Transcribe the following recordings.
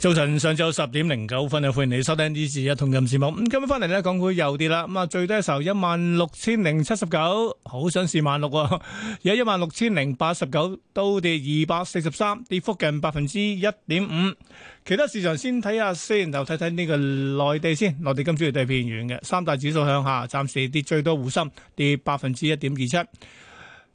早晨，上晝十點零九分，又歡迎你收聽《呢次一同任節目》。咁今日翻嚟呢，港股又跌啦。咁啊，最低嘅時候一萬六千零七十九，好想試萬六，哦。而家一萬六千零八十九，都跌二百四十三，跌幅近百分之一點五。其他市場先睇下先，就睇睇呢個內地先。內地今朝亦都係偏軟嘅，三大指數向下，暫時跌最多滬深跌百分之一點二七。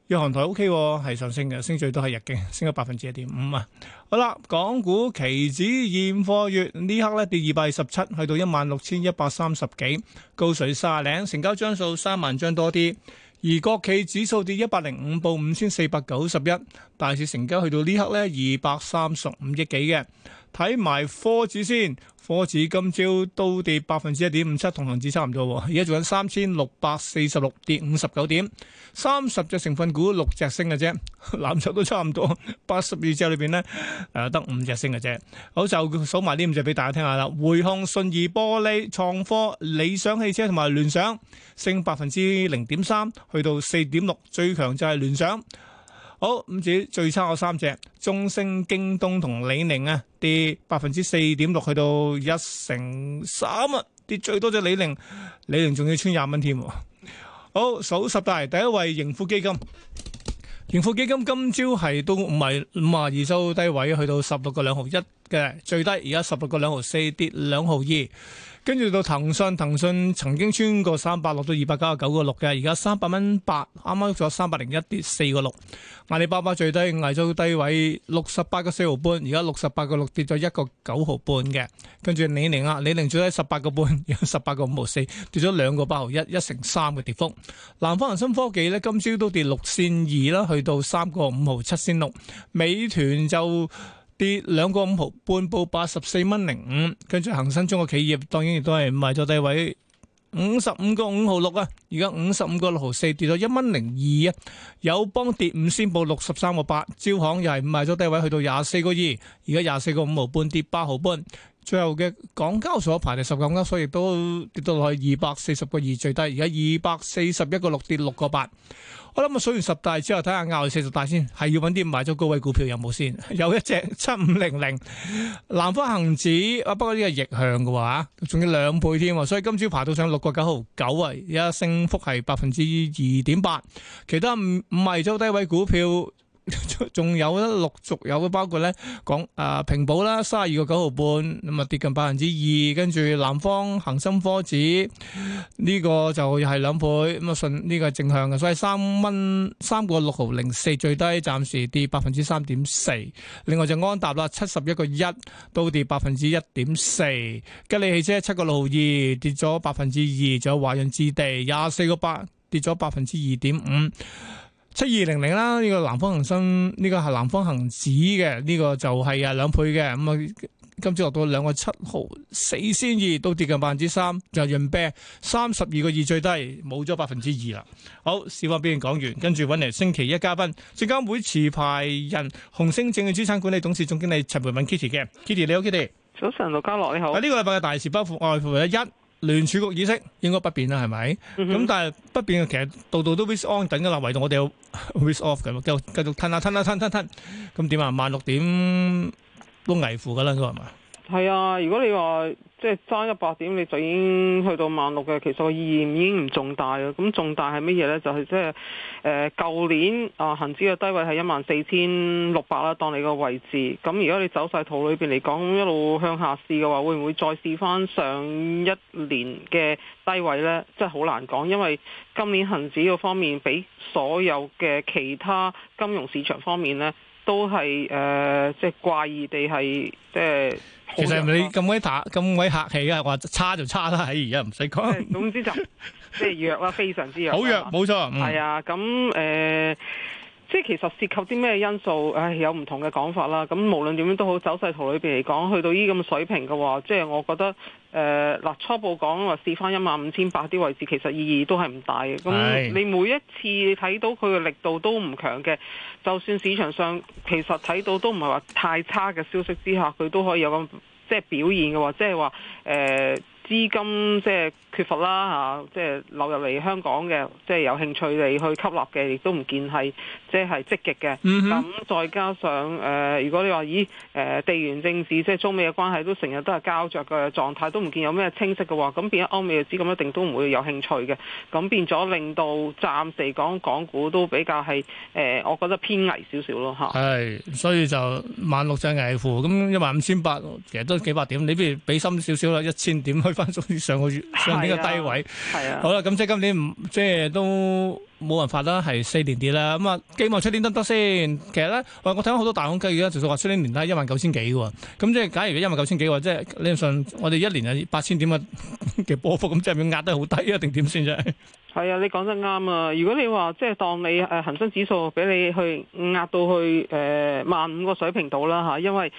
日韓台 O K 係上升嘅，升最多係日經，升咗百分之一點五啊！好啦，港股期指現貨月呢刻咧跌二百二十七，去到一萬六千一百三十幾，高水三十，成交張數三萬張多啲。而國企指數跌一百零五，報五千四百九十一，大市成交去到呢刻咧二百三十五億幾嘅。睇埋科指先，科指今朝都跌百分之一點五七，同恒指差唔多。而家做緊三千六百四十六跌五十九點，三十隻成分股六隻升嘅啫，藍籌都差唔多。八十二隻裏邊咧，誒得五隻升嘅啫。好就數埋呢五隻俾大家聽下啦。匯控、信義玻璃、創科、理想汽車同埋聯想，升百分之零點三，去到四點六。最強就係聯想。好，咁至於最差嗰三隻，中升、京東同李寧啊，跌百分之四點六，去到一成三啊！跌最多隻李寧，李寧仲要穿廿蚊添。好，數十大第一位盈富基金，盈富基金今朝係都唔係五十二周低位，去到十六個兩毫一。嘅最低而家十六個兩毫四跌兩毫二，跟住到騰訊，騰訊曾經穿過三百，落到二百九十九個六嘅，而家三百蚊八，啱啱咗三百零一跌四個六。阿里巴巴最低挨咗低位六十八個四毫半，而家六十八個六跌咗一個九毫半嘅，跟住李寧啊，李寧最低十八個半，而家十八個五毫四跌咗兩個八毫一，一成三嘅跌幅。南方恒生科技呢，今朝都跌六仙二啦，去到三個五毫七仙六。美團就。跌兩個五毫半，報八十四蚊零五，跟住恒生中國企業當然亦都係賣咗低位，五十五個五毫六啊，而家五十五個六毫四，跌咗一蚊零二啊。友邦跌五先報六十三個八，招行又係賣咗低位，去到廿四個二，而家廿四個五毫半跌八毫半。最後嘅港交所排第十九，港交所亦都跌到落去二百四十個二最低，而家二百四十一個六跌六個八。我諗啊，數完十大之後，睇下亞運四十大先，係要揾啲買咗高位股票有冇先？有一隻七五零零南方恒指啊，不過呢個逆向嘅喎，仲要兩倍添，所以今朝排到上六個九毫九啊，而家升幅係百分之二點八，其他唔唔係咗低位股票。仲 有咧，陸續有嘅，包括咧講啊平保啦，卅二個九毫半，咁啊跌近百分之二，跟住南方恒生科指呢個就係兩倍，咁啊順呢個正向嘅，所以三蚊三個六毫零四最低，暫時跌百分之三點四。另外就安踏啦，七十一個一都跌百分之一點四，吉利汽車七個六毫二跌咗百分之二，仲有華潤置地廿四個八跌咗百分之二點五。七二零零啦，呢、這個南方恒生呢、這個係南方恒指嘅，呢、這個就係啊兩倍嘅，咁、嗯、啊今朝落到兩個七毫四先二，都跌近百分之三，就潤平三十二個二最低，冇咗百分之二啦。好，市況表現講完，跟住揾嚟星期一嘉賓，證監會持牌人紅星證券資產管理董事總經理陳蓓敏 Kitty 嘅，Kitty 你好，Kitty。早晨，盧家樂你好。呢個禮拜嘅大事包括外乎一。聯儲局議息應該不變啦，係咪？咁、mm hmm. 嗯、但係不變嘅其實度度都 risk on 等噶啦，唯獨我哋要 risk off 嘅，繼續繼續吞下吞下吞吞吞，咁點啊？萬六、啊啊啊啊嗯啊、點都危乎噶啦，應該係咪？係啊，如果你話即係爭一百點，你就已經去到萬六嘅，其實個意義已經唔重大啦。咁重大係乜嘢呢？就係即係誒舊年啊恆指嘅低位係一萬四千六百啦，當你個位置。咁如果你走曬圖裏邊嚟講，一路向下試嘅話，會唔會再試返上，上一年嘅低位呢？即係好難講，因為今年恒指嘅方面比所有嘅其他金融市場方面呢。都係誒，即、呃、係、就是、怪異地係，即、就、係、是、其實你咁鬼打，咁鬼客氣啊！話差就差啦，喺而家唔使講， 總之就即係弱啦， 非常之弱，好弱，冇吧錯，係、嗯、啊，咁誒。即係其實涉及啲咩因素？誒有唔同嘅講法啦。咁無論點樣都好，走勢圖裏邊嚟講，去到呢咁水平嘅話，即係我覺得誒嗱、呃、初步講話試翻一萬五千八啲位置，其實意義都係唔大嘅。咁你每一次睇到佢嘅力度都唔強嘅，就算市場上其實睇到都唔係話太差嘅消息之下，佢都可以有咁即係表現嘅話，即係話誒。呃資金即係缺乏啦嚇，即、啊、係、就是、流入嚟香港嘅，即、就、係、是、有興趣嚟去吸納嘅，亦都唔見係即係積極嘅。咁、就是嗯、哼再加上誒、呃，如果你話咦誒、呃、地緣政治即係中美嘅關係都成日都係膠着嘅狀態，狀態都唔見有咩清晰嘅話，咁變咗歐美嘅資金一定都唔會有興趣嘅。咁變咗令到暫時講港，港股都比較係誒、呃，我覺得偏危少少咯嚇。係，所以就萬六隻危乎，咁一萬五千八其實都幾百點，你不如俾深少少啦，一千點去。翻上個月上年嘅低位，係啊，啊好啦，咁即係今年即係都冇辦法啦，係四年跌啦，咁啊，希望出年得得先。其實咧，我我睇翻好多大空而家就數話出年年底一萬九千幾喎。咁即係假如一萬九千幾喎，即係理論我哋一年係八千點嘅波幅，咁即係咪壓得好低一定點先啫？係啊，你講得啱啊！如果你話即係當你誒、呃、恆生指數俾你去壓到去誒萬五個水平度啦嚇，因為。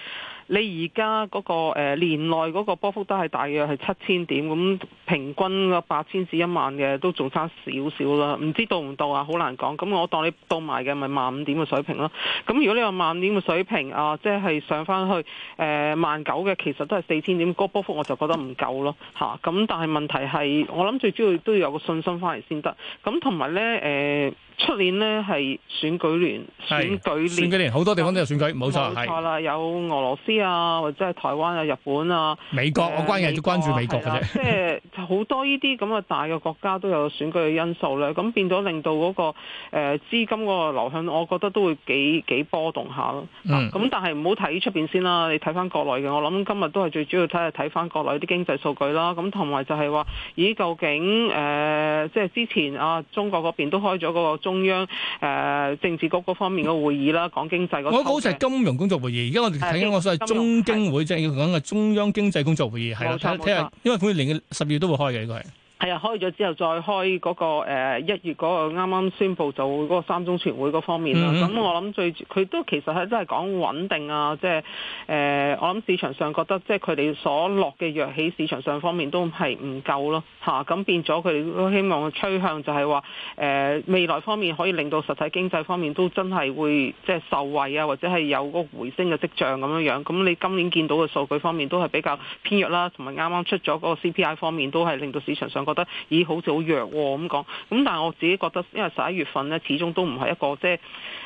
你而家嗰個、呃、年內嗰個波幅都係大約係七千點，咁平均個八千至 1, 一萬嘅都仲差少少啦，唔知到唔到啊？好難講。咁我當你到埋嘅咪萬五點嘅水平咯。咁如果你話萬五點嘅水平啊，即係上翻去誒萬九嘅，呃、其實都係四千點，個波幅我就覺得唔夠咯，嚇、啊。咁但係問題係，我諗最主要都要有個信心翻嚟先得。咁同埋呢。誒、呃。出年呢係選舉年，是選舉年，選舉年，好多地方都有選舉，冇錯係啦是，有俄羅斯啊，或者係台灣啊、日本啊、美國，我、呃啊、關嘅係關注美國嘅啫。的 即係好多呢啲咁嘅大嘅國家都有選舉嘅因素咧，咁變咗令到嗰、那個誒、呃、資金個流向，我覺得都會幾幾波動下咯。咁、嗯啊、但係唔好睇出面先啦，你睇翻國內嘅，我諗今日都係最主要睇係睇翻國內啲經濟數據啦。咁同埋就係話，咦究竟誒、呃、即係之前啊，中國嗰邊都開咗嗰、那個。中央誒、呃、政治局嗰方面嘅會議啦，講經濟嗰，嗰個好似係金融工作會議，而家金我哋睇緊個所謂中經會，即係要講嘅中央經濟工作會議，係咯，睇下，因為每年十二月都會開嘅呢、這個係。係啊，開咗之後再開嗰、嗰個一、呃、月嗰個啱啱宣佈就嗰、嗰個三中全會嗰方面啦。咁、mm hmm. 我諗最佢都其實係都係講穩定啊，即係誒我諗市場上覺得即係佢哋所落嘅藥喺市場上方面都係唔夠咯，嚇、啊、咁變咗佢哋都希望嘅趨向就係話誒未來方面可以令到實體經濟方面都真係會即係、就是、受惠啊，或者係有嗰個回升嘅跡象咁樣樣。咁你今年見到嘅數據方面都係比較偏弱啦，同埋啱啱出咗嗰個 CPI 方面都係令到市場上覺得咦，好似好弱咁、啊、講，咁但係我自己覺得，因為十一月份咧，始終都唔係一個即係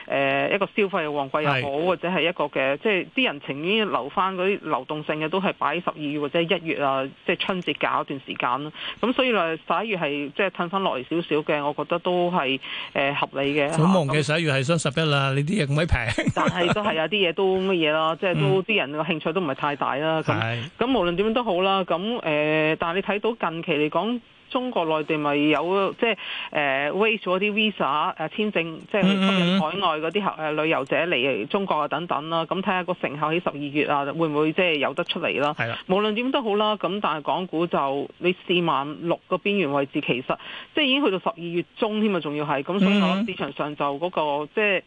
誒一個消費旺季又好，是 或者係一個嘅即係啲人情願留翻嗰啲流動性嘅，都係擺十二月或者一月啊，即、就、係、是、春節搞一段時間咯。咁所以啦，十、就是、十一月係即係褪翻落嚟少少嘅，我覺得都係誒、呃、合理嘅。好忘記十一月係雙十一啦，你啲嘢咁鬼平，但係都係有啲嘢都乜嘢啦，即係都啲人嘅興趣都唔係太大啦。咁咁是 無論點樣都好啦，咁誒、呃，但係你睇到近期嚟講。中國內地咪有即係誒 waive 咗啲 visa 誒、啊、簽證，即係吸引海外嗰啲、呃、旅遊者嚟中國啊等等啦。咁睇下個成效喺十二月啊，會唔會即係有得出嚟啦？係啦的，無論點都好啦。咁但係港股就你四萬六個邊緣位置，其實即係已經去到十二月中添啊，仲要係咁，所以講市場上就嗰、嗰個即係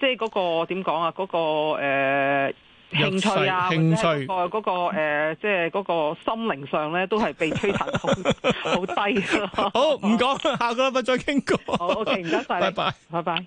即係、嗰、嗰個點講啊，嗰、嗰個、呃興趣啊，或、嗰個、興趣哦，嗰個嗰、嗰個誒，即係嗰個心靈上咧，都係被摧殘 好好低。好唔講，下個禮拜再傾過。好，ok 唔該晒，okay，唔該，拜拜，拜拜。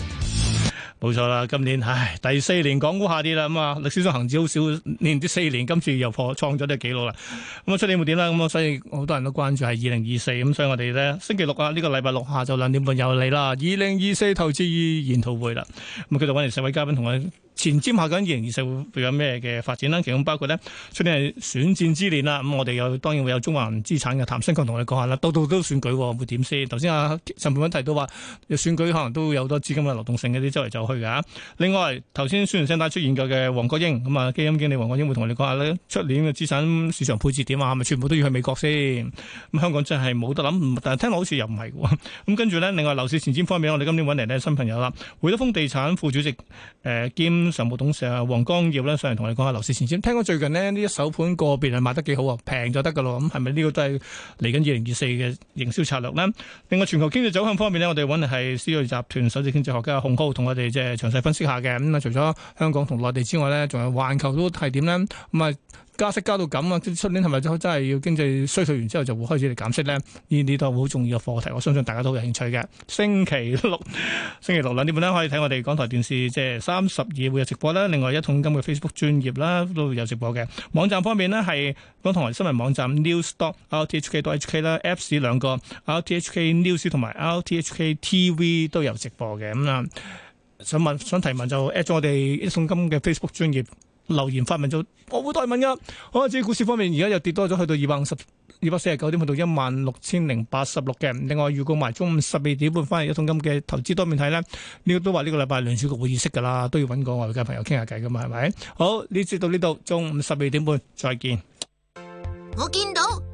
冇錯啦，今年唉第四年港股下跌啦，咁啊，歷史上恆指好少連啲四年，今次又破創咗啲記錄啦。咁啊，出年會點啦？咁啊，所以好多人都關注係二零二四。咁、嗯、所以我哋咧星期六啊，呢、這個禮拜六下晝兩點半又嚟啦，二零二四投資研討、嗯、會啦。咁啊，繼續揾嚟四位嘉賓，同我。前瞻下緊二零二四會有咩嘅發展啦？其中包括呢出年係選戰之年啦，咁、嗯、我哋又當然會有中環資產嘅譚生講同你講下啦。到都都選舉會點先？頭先阿陳蓓敏提到話選舉可能都有好多資金嘅流動性喺啲周圍走去嘅。另外頭先新聞聲帶出現嘅黃國英咁啊、嗯，基金經理黃國英會同我哋講下呢出年嘅資產市場配置點啊？係咪全部都要去美國先？咁、嗯、香港真係冇得諗，但係聽落好似又唔係嘅。咁、嗯、跟住呢，另外樓市前瞻方面，我哋今年揾嚟呢新朋友啦，會德豐地產副主席誒、呃呃、兼。兼常務董事啊，黃光耀咧，上嚟同你講下樓市前瞻。聽講最近咧呢一手盤個別係賣得幾好啊，平就得噶咯。咁係咪呢個都係嚟緊二零二四嘅營銷策略呢？另外全球經濟走向方面呢，我哋揾係思銳集團首席經濟學家洪浩同我哋即係詳細分析下嘅。咁、嗯、啊，除咗香港同內地之外呢，仲有環球都係點呢？咁、嗯、啊。嗯加息加到咁啊！出年係咪真真係要經濟衰退完之後就會開始嚟減息咧？呢啲都好重要嘅課題，我相信大家都有興趣嘅。星期六，星期六兩點半咧可以睇我哋港台電視，即係三十二會有直播啦。另外，一桶金嘅 Facebook 專頁啦都有直播嘅。網站方面呢，係港台新聞網站 news dot RTHK 到 hk 啦，Apps 兩個 RTHK News 同埋 RTHK TV 都有直播嘅。咁、嗯、啊，想問想提問就 at 我哋一桶金嘅 Facebook 專頁。留言發問咗，我會代問噶。好啦，至於股市方面，而家又跌多咗，去到二百五十、二百四十九點，去到一萬六千零八十六嘅。另外，預告埋中午十二點半翻嚟一桶金嘅投資多面睇咧。呢個都話呢個禮拜聯儲局會議息噶啦，都要揾個外界朋友傾下偈噶嘛，係咪？好，呢節到呢度，中午十二點半，再見。我見到。